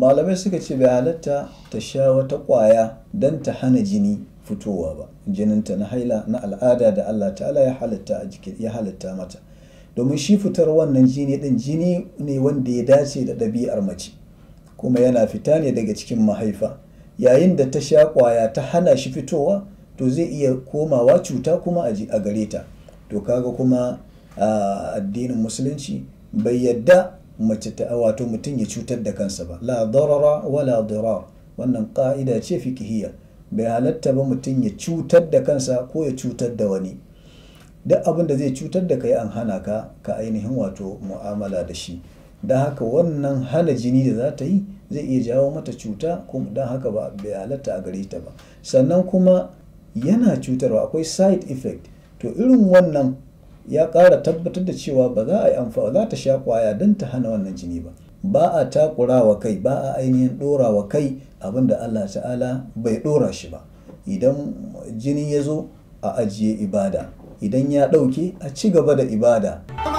malamai suka ce bai halatta ta sha wata kwaya don ta hana jini fitowa ba jininta na haila na al'ada da allah ta'ala ya halatta a jikin ya halatta mata domin shi fitar wannan jini din jini ne wanda ya dace da ɗabi'ar mace kuma yana fita ne daga cikin mahaifa yayin da ta sha kwaya ta hana shi fitowa to zai iya komawa cuta kuma a gare ta to kaga kuma ah, addinin musulunci bai yadda mace ta wato mutum ya cutar da kansa ba la darara wala dirar wannan ka'ida ce fikihiyya bai halatta ba mutum ya cutar da kansa ko ya cutar da wani duk abin da zai cutar da kai an hana ka ka ainihin wato mu'amala da shi don haka wannan hana jini da za ta yi zai iya jawo mata cuta kuma don haka ba bai halatta a gare ta ba sannan kuma yana cutarwa akwai side effect to irin wannan ya ƙara tabbatar da cewa ba za a yi amfani za ta sha ƙwaya don ta hana wannan jini ba ba a wa kai ba a ainihin ɗora wa kai abin da Allah ta'ala bai ɗora shi ba idan jini ya zo a ajiye ibada idan ya ɗauke a ci gaba da ibada.